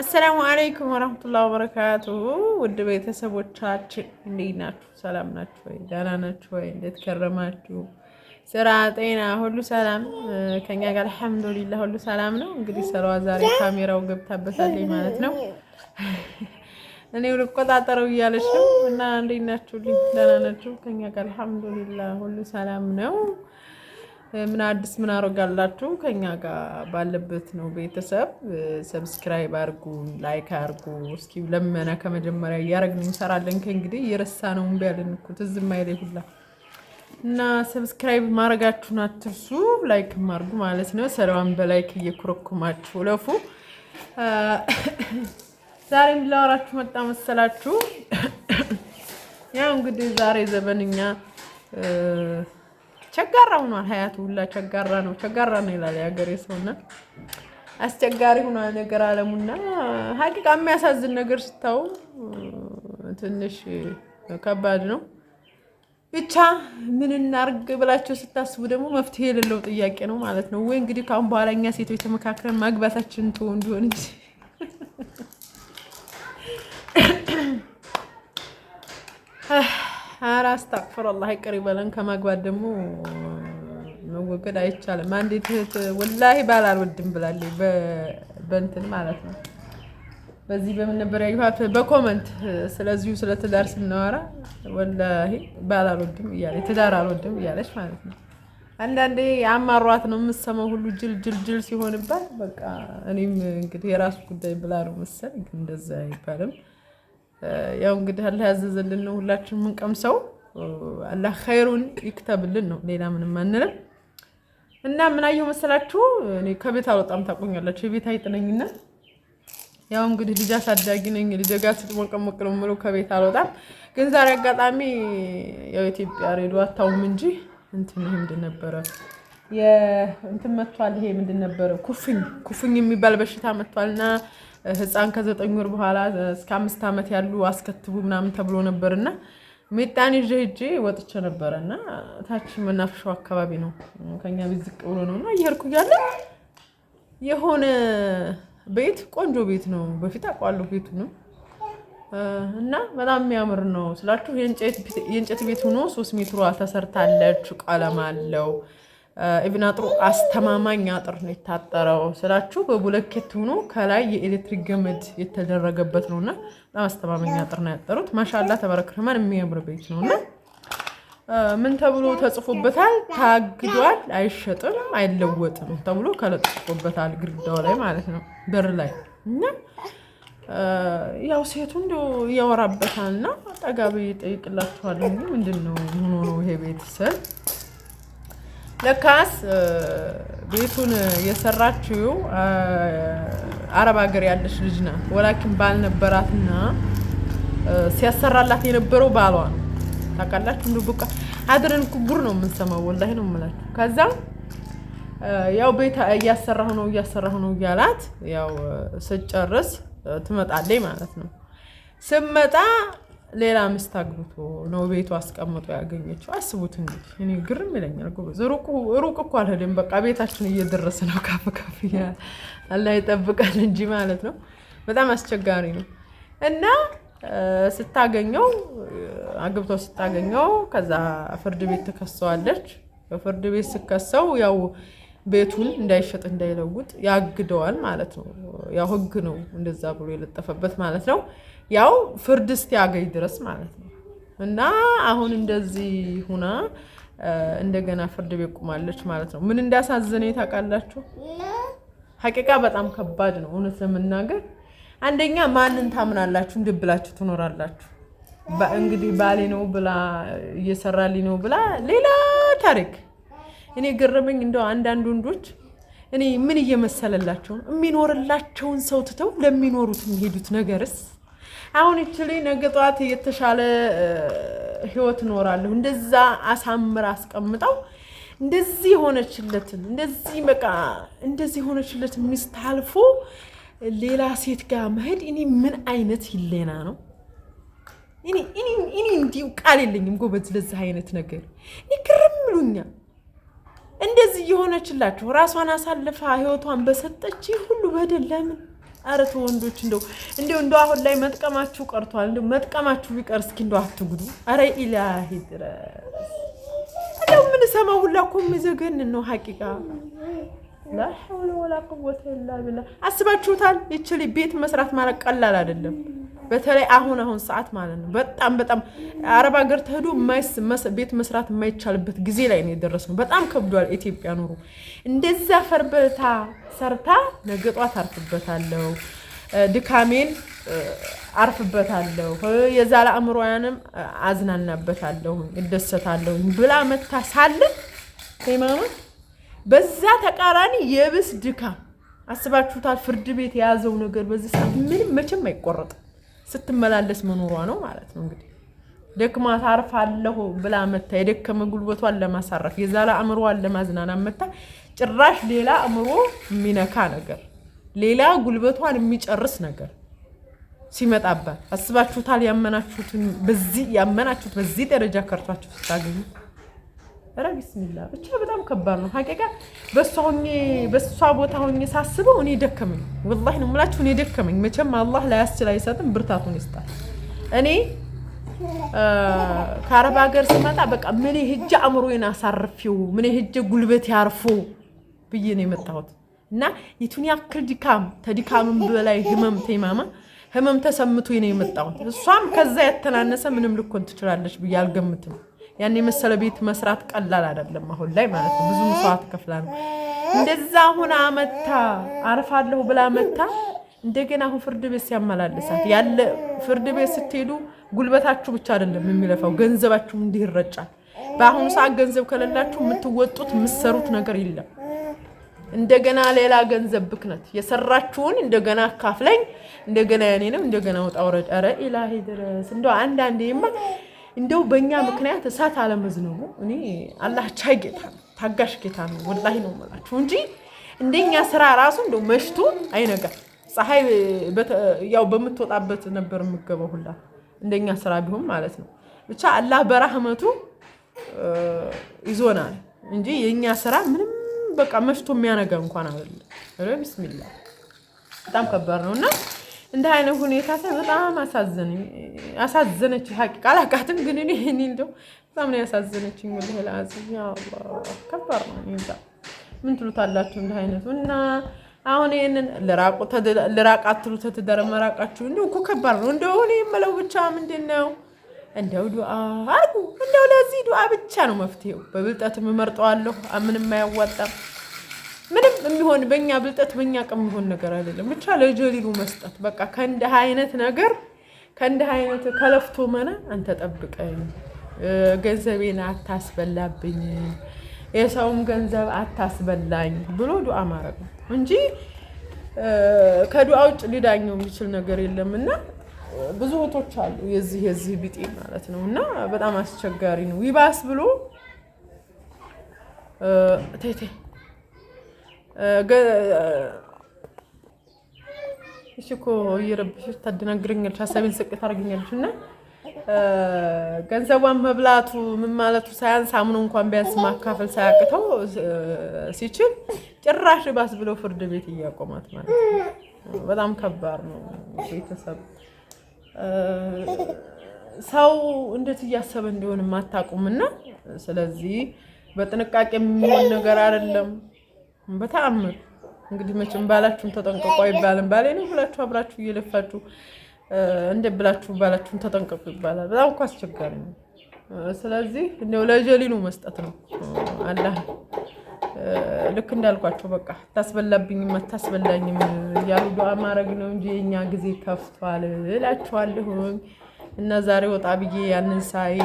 አሰላሙ አለይኩም ወረህመቱላሂ ወበረካቱሁ ውድ ቤተሰቦቻችን እንዴት ናችሁ? ሰላም ናችሁ ወይ? ደህና ናችሁ ወይ? እንዴት ከረማችሁ? ስራ፣ ጤና ሁሉ ሰላም ከኛ ጋር አልሐምዱሊላ ሁሉ ሰላም ነው። እንግዲህ ስራዋ ዛሬ ካሜራው ገብታበታለኝ ማለት ነው። እኔ ልቆጣጠረው እያለች ነው እና እንዴት ናችሁልኝ? ደህና ናችሁ? ከኛ ጋር አልሐምዱሊላ ሁሉ ሰላም ነው። ምን አዲስ ምን አደርጋላችሁ? ከኛ ጋር ባለበት ነው። ቤተሰብ ሰብስክራይብ አርጉ፣ ላይክ አርጉ። እስኪ ለመና ከመጀመሪያ እያደረግን እንሰራለን። ከእንግዲህ የረሳ ነው እምቢ ያለን እኮ ትዝ የማይለኝ ሁላ እና ሰብስክራይብ ማድረጋችሁን አትርሱ፣ ላይክ አርጉ ማለት ነው። ሰላም በላይክ እየኮረኮማችሁ ለፉ። ዛሬ ላወራችሁ መጣ መሰላችሁ። ያው እንግዲህ ዛሬ ዘበንኛ ቸጋራ ሆኗል። ሀያቱ ሁላ ቸጋራ ነው ቸጋራ ነው ይላል የሀገሬ ሰውና አስቸጋሪ ሆኗል ነገር አለሙና ሀቂቃ የሚያሳዝን ነገር ስታው ትንሽ ከባድ ነው። ብቻ ምን እናርግ ብላቸው ስታስቡ ደግሞ መፍትሄ የሌለው ጥያቄ ነው ማለት ነው። ወይ እንግዲህ ከአሁን በኋላ እኛ ሴቶች ተመካክረን ማግባታችን ተወው እንዲሆን እንጂ ኧረ አስታቅፍረላ ይቅር ይበለን። ከማግባት ደግሞ መወገድ አይቻልም። አንዲት እህት ወላሂ ባል አልወድም ብላለች በእንትን ማለት ነው በዚህ በምን ነበር ያየኋት በኮመንት ስለዚሁ ስለ ትዳር ስናወራ ወላሂ ባል አልወድም እያለች ትዳር አልወድም እያለች ማለት ነው። አንዳንዴ አማሯት ነው የምሰማው ሁሉ ጅል ጅል ጅል ሲሆንባት በቃ እኔም እንግዲህ የራሱ ጉዳይ ብላ ነው መሰል እንደዛ አይባልም። ያው እንግዲህ አላህ ያዘዘልን ነው ሁላችን የምንቀምሰው። አላህ ኸይሩን ይክተብልን ነው ሌላ ምንም አንልም። እና ምን አየሁ መሰላችሁ እኔ ከቤት አልወጣም ታቆኛላችሁ። የቤት አይጥነኝና ያው እንግዲህ ልጅ አሳዳጊ ነኝ። ልጅ ጋር ሞቅ ነው የምለው ከቤት አልወጣም። ግን ዛሬ አጋጣሚ ያው ኢትዮጵያ ሬዲዮ አታውም እንጂ እንትን ይሄ ምንድን ነበረ የእንትን መጥቷል። ይሄ ምንድን ነበረ ኩፍኝ ኩፍኝ የሚባል በሽታ መጥቷልና ህፃን ከዘጠኝ ወር በኋላ እስከ አምስት ዓመት ያሉ አስከትቡ ምናምን ተብሎ ና ሜጣን ይዤ ሂጄ ወጥቼ ነበረ እና ታች መናፈሻው አካባቢ ነው፣ ከኛ ቤት ዝቅ ብሎ ነው እና እየሄድኩ እያለ የሆነ ቤት ቆንጆ ቤት ነው። በፊት አውቀዋለሁ ቤቱ ነው እና በጣም የሚያምር ነው ስላችሁ የእንጨት ቤት ሆኖ ሶስት ሜትሯ ተሰርታለች። ቀለም አለው ኢቭን አጥሩ አስተማማኝ አጥር ነው የታጠረው ስላችሁ በቡለኬት ሆኖ ከላይ የኤሌክትሪክ ገመድ የተደረገበት ነው እና በጣም አስተማማኝ አጥር ነው ያጠሩት። ማሻላ ተበረክ ረህማን የሚያምር ቤት ነው እና ምን ተብሎ ተጽፎበታል? ታግዷል፣ አይሸጥም፣ አይለወጥም ተብሎ ከለጥፎበታል ግድግዳው ላይ ማለት ነው፣ በር ላይ እና ያው ሴቱ እንዲ ያወራበታል እና ጠጋቢ ጠይቅላችኋለሁ። ምንድን ነው ሆኖ ነው ይሄ ቤት ስል ለካስ ቤቱን የሰራችው አረብ ሀገር ያለች ልጅ ናት። ወላኪን ባል ነበራትና ሲያሰራላት የነበረው ባሏ ነው። ታውቃላችሁ እንዲ በቃ አድረን ጉር ነው የምንሰማው። ወላሂ ነው የምላችሁ። ከዛ ያው ቤት እያሰራሁ ነው እያሰራሁ ነው እያላት ያው ስጨርስ ትመጣለች ማለት ነው። ስመጣ ሌላ ሚስት አግብቶ ነው ቤቱ አስቀምጦ ያገኘችው። አስቡት እንግዲህ እኔ ግርም ይለኛል። ሩቅ እኮ አልሄድም። በቃ ቤታችን እየደረሰ ነው። ካፍ ካፍ አላህ ይጠብቃል እንጂ ማለት ነው። በጣም አስቸጋሪ ነው እና ስታገኘው አግብቶ ስታገኘው ከዛ ፍርድ ቤት ትከሰዋለች። በፍርድ ቤት ስከሰው ያው ቤቱን እንዳይሸጥ እንዳይለውጥ ያግደዋል ማለት ነው። ያው ህግ ነው እንደዛ ብሎ የለጠፈበት ማለት ነው። ያው ፍርድ እስኪያገኝ ድረስ ማለት ነው። እና አሁን እንደዚህ ሁና እንደገና ፍርድ ቤት ቁማለች ማለት ነው። ምን እንዳሳዘነ ታውቃላችሁ? ሀቂቃ በጣም ከባድ ነው እውነት ለመናገር አንደኛ ማንን ታምናላችሁ? እንድ ብላችሁ ትኖራላችሁ። እንግዲህ ባሌ ነው ብላ እየሰራልኝ ነው ብላ ሌላ ታሪክ እኔ ገረመኝ። እንደው አንዳንድ ወንዶች እኔ ምን እየመሰለላቸው ነው የሚኖርላቸውን ሰው ትተው ለሚኖሩት የሚሄዱት ነገርስ። አሁን ይችል ነገ ጠዋት የተሻለ ህይወት እኖራለሁ እንደዛ አሳምር አስቀምጠው እንደዚህ የሆነችለትን እንደዚህ በቃ እንደዚህ የሆነችለት ሚስት አልፎ ሌላ ሴት ጋር መሄድ እኔ ምን አይነት ይሌና ነው? እኔ እኔ እንዲሁ ቃል የለኝም ጎበዝ፣ ለዚህ አይነት ነገር እኔ ግርም ብሎኛል። እንደዚህ የሆነችላችሁ ራሷን አሳልፋ ህይወቷን በሰጠች ሁሉ በደል ለምን? ኧረ ወንዶች፣ እንደው እንደው እንደው አሁን ላይ መጥቀማችሁ ቀርቷል። እንደው መጥቀማችሁ ቢቀር እስኪ እንደው አትጉዱ። አረ ኢላሂ ድረስ እንደው የምንሰማው ሁላ እኮ የሚዘገንን ነው ሐቂቃ ላ ሐውለ ወላ ቁወተ ኢላ ቢላህ። አስባችሁታል? ይችል ቤት መስራት ማለት ቀላል አይደለም። በተለይ አሁን አሁን ሰዓት ማለት ነው በጣም በጣም አረብ ሀገር ተሄዶ ቤት መስራት የማይቻልበት ጊዜ ላይ ነው የደረስነው። በጣም ከብዷል። ኢትዮጵያ ኑሮ እንደዛ ፈርበታ ሰርታ ነገ ጧት አርፍበታለሁ፣ ድካሜን አርፍበታለሁ፣ የዛለ አእምሮያንም አዝናናበታለሁ፣ እደሰታለሁ ብላ መታ ሳለ ሃይማኖት በዛ ተቃራኒ የብስ ድካም አስባችሁታል? ፍርድ ቤት የያዘው ነገር በዚህ ሰዓት ምንም መቼም አይቆረጥም። ስትመላለስ መኖሯ ነው ማለት ነው። እንግዲህ ደክማ ታርፋለሁ ብላ መታ የደከመ ጉልበቷን ለማሳረፍ የዛላ አእምሮዋን ለማዝናና መታ ጭራሽ ሌላ አእምሮ የሚነካ ነገር፣ ሌላ ጉልበቷን የሚጨርስ ነገር ሲመጣባት አስባችሁታል? ያመናችሁትን በዚህ ያመናችሁት በዚህ ደረጃ ከርቷችሁ ስታገኙ ነበረ። ቢስሚላ ብቻ በጣም ከባድ ነው። ሀቂቃ በእሷ ሆኜ በእሷ ቦታ ሆኜ ሳስበው እኔ ደከመኝ። ወላሂ ነው የምላችሁ እኔ ደከመኝ። መቼም አላህ ላያስችል አይሰጥም፣ ብርታቱን ይስጣል። እኔ ከአረብ ሀገር ስመጣ በቃ ምን ህጅ አእምሮዬን አሳርፊው ምን ሄጄ ጉልበት አርፎ ብዬ ነው የመጣሁት እና የቱን ያክል ድካም ተድካምም በላይ ህመም ተማማ ህመም ተሰምቶ ነው የመጣሁት። እሷም ከዛ ያተናነሰ ምንም ልኮን ትችላለች ብዬ አልገምትም። ያን የመሰለ ቤት መስራት ቀላል አይደለም፣ አሁን ላይ ማለት ነው። ብዙ መስዋዕት ከፍላ ነው እንደዛ ሁና መታ አርፋለሁ ብላ መታ እንደገና አሁን ፍርድ ቤት ሲያመላልሳት ያለ ፍርድ ቤት ስትሄዱ ጉልበታችሁ ብቻ አይደለም የሚለፋው ገንዘባችሁም እንዲህ ይረጫል። በአሁኑ ሰዓት ገንዘብ ከሌላችሁ የምትወጡት የምትሰሩት ነገር የለም። እንደገና ሌላ ገንዘብ ብክነት፣ የሰራችሁን እንደገና አካፍለኝ፣ እንደገና ያኔንም እንደገና ውጣ ውረድ። ኧረ ኢላሂ ድረስ እንደው አንዳንዴማ እንደው በእኛ ምክንያት እሳት አለመዝነቡ እኔ አላህ ቻይ ጌታ ነው፣ ታጋሽ ጌታ ነው። ወላሂ ነው የምላችሁ እንጂ እንደኛ ስራ ራሱ እንደው መሽቶ አይነጋ ፀሐይ ያው በምትወጣበት ነበር የምገበው ሁላ እንደኛ ስራ ቢሆን ማለት ነው። ብቻ አላህ በራህመቱ ይዞናል እንጂ የእኛ ስራ ምንም በቃ መሽቶ የሚያነጋ እንኳን አይደለም። ቢስሚላ በጣም ከባድ ነው እና እንደ አይነት ሁኔታ ሳይ በጣም አሳዘነኝ። አሳዘነች ሀቂቃ አላውቃትም፣ ግን እኔ ይህን እንደው በጣም ነው ያሳዘነችኝ። ወላሂ ለአዚም ከባድ ነው። እንጃ ምን ትሉታላችሁ? እንደ አይነቱ እና አሁን ይህንን ልራቅ አትሉ ተትደረ መራቃችሁ እንደው እኮ ከባድ ነው። እንደው እኔ የምለው ብቻ ምንድን ነው እንደው ዱአ አርጉ። እንደው ለዚህ ዱአ ብቻ ነው መፍትሄው። በብልጠትም እመርጠዋለሁ። ምንም አያዋጣም። ምንም የሚሆን በእኛ ብልጠት በእኛ ቀም የሚሆን ነገር አይደለም። ብቻ ለጀሊሉ መስጠት በቃ ከእንዲህ አይነት ነገር ከእንዲህ አይነት ከለፍቶ መና አንተ ጠብቀኝ፣ ገንዘቤን አታስበላብኝ፣ የሰውም ገንዘብ አታስበላኝ ብሎ ዱዓ ማድረግ ነው እንጂ ከዱዓ ውጭ ሊዳኘው የሚችል ነገር የለም እና ብዙ ወቶች አሉ የዚህ የዚህ ቢጤ ማለት ነው እና በጣም አስቸጋሪ ነው ይባስ ብሎ ቴቴ እሺ እኮ እየረብሽ ታደናግረኛለች፣ ሀሳቤን ስቅ ታደርገኛለች። እና ገንዘቧን መብላቱ ምን ማለቱ ሳያንስ አምኖ እንኳን ቢያንስ ማካፈል ሳያቅተው ሲችል ጭራሽ ባስ ብለው ፍርድ ቤት እያቆማት ማለት ነው። በጣም ከባድ ነው። ቤተሰብ ሰው እንዴት እያሰበ እንደሆነ አታውቁም። እና ስለዚህ በጥንቃቄ የሚሆን ነገር አይደለም። በተአምር እንግዲህ መቼም ባላችሁን ተጠንቀቁ አይባልም። ባሌ ነው ሁላችሁ አብራችሁ እየለፋችሁ እንደ ብላችሁ ባላችሁን ተጠንቀቁ ይባላል። በጣም እኮ አስቸጋሪ ነው። ስለዚህ እንደው ለጀሊኑ መስጠት ነው አላህ ልክ እንዳልኳቸው በቃ ታስበላብኝም አታስበላኝም እያሉ ዱዓ ማድረግ ነው እንጂ የኛ ጊዜ ከፍቷል እላችኋለሁኝ። እና ዛሬ ወጣ ብዬ ያንን ሳይ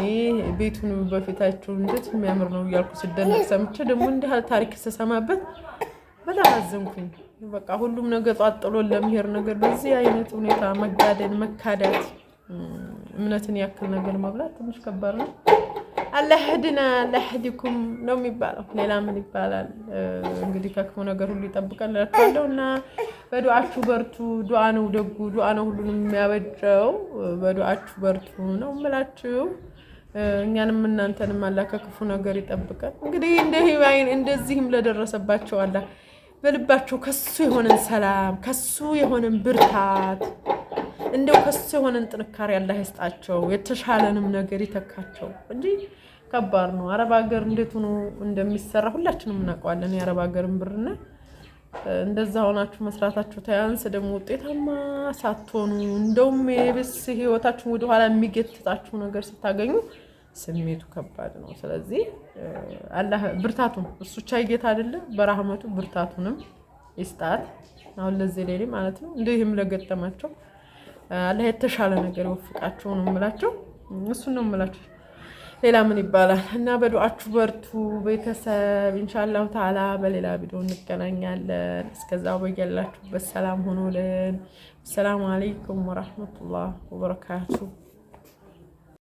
ቤቱን በፊታችሁ እንዴት የሚያምር ነው እያልኩ ስደነቅ ሰምቼ ደግሞ እንዲህ ታሪክ ስሰማበት በጣም አዘንኩኝ። በቃ ሁሉም ነገር ጧት ጥሎን ለመሄድ ነገር በዚህ አይነት ሁኔታ መጋደል፣ መካዳት፣ እምነትን ያክል ነገር መብላት ትንሽ ከባድ ነው። አለህድና ያድና፣ ነው የሚባለው። ሌላ ምን ይባላል? እንግዲህ ከክፉ ነገር ሁሉ ይጠብቀን እላችኋለሁ እና በዱዓችሁ በርቱ። ዱዓ ነው ደጉ ዱዓ ነው ሁሉንም የሚያበጀው። በዱዓችሁ በርቱ ነው የምላችሁ። እኛንም እናንተንም አላህ ከክፉ ነገር ይጠብቀን። እንግዲህ እንደዚህም ለደረሰባቸው አላህ በልባቸው ከሱ የሆነን ሰላም ከሱ የሆነን ብርታት እንደው ከሱ የሆነን ጥንካሬ አላህ ይስጣቸው፣ የተሻለንም ነገር ይተካቸው እንጂ ከባድ ነው። አረብ ሀገር እንዴት ሆኖ እንደሚሰራ ሁላችንም እናውቀዋለን። የአረብ ሀገርን ብርና እንደዛ ሆናችሁ መስራታችሁ ተያንስ ደግሞ ውጤታማ ሳትሆኑ እንደውም የብስ ህይወታችሁን ወደኋላ የሚገትታችሁ ነገር ስታገኙ ስሜቱ ከባድ ነው። ስለዚህ አላህ ብርታቱን እሱ ቻይ ጌታ አይደለም በራህመቱ ብርታቱንም ይስጣት። አሁን ለዚህ ላይ ማለት ነው እንዲህም ለገጠማቸው አላህ የተሻለ ነገር ይወፍቃቸው ነው የምላቸው። እሱን ነው የምላቸው። ሌላ ምን ይባላል? እና በዱዓችሁ በርቱ ቤተሰብ። ኢንሻላሁ ተዓላ በሌላ ቪዲዮ እንገናኛለን። እስከዛው በያላችሁበት ሰላም ሆኖልን። ሰላም አለይኩም ወራህመቱላህ ወበረካቱሁ።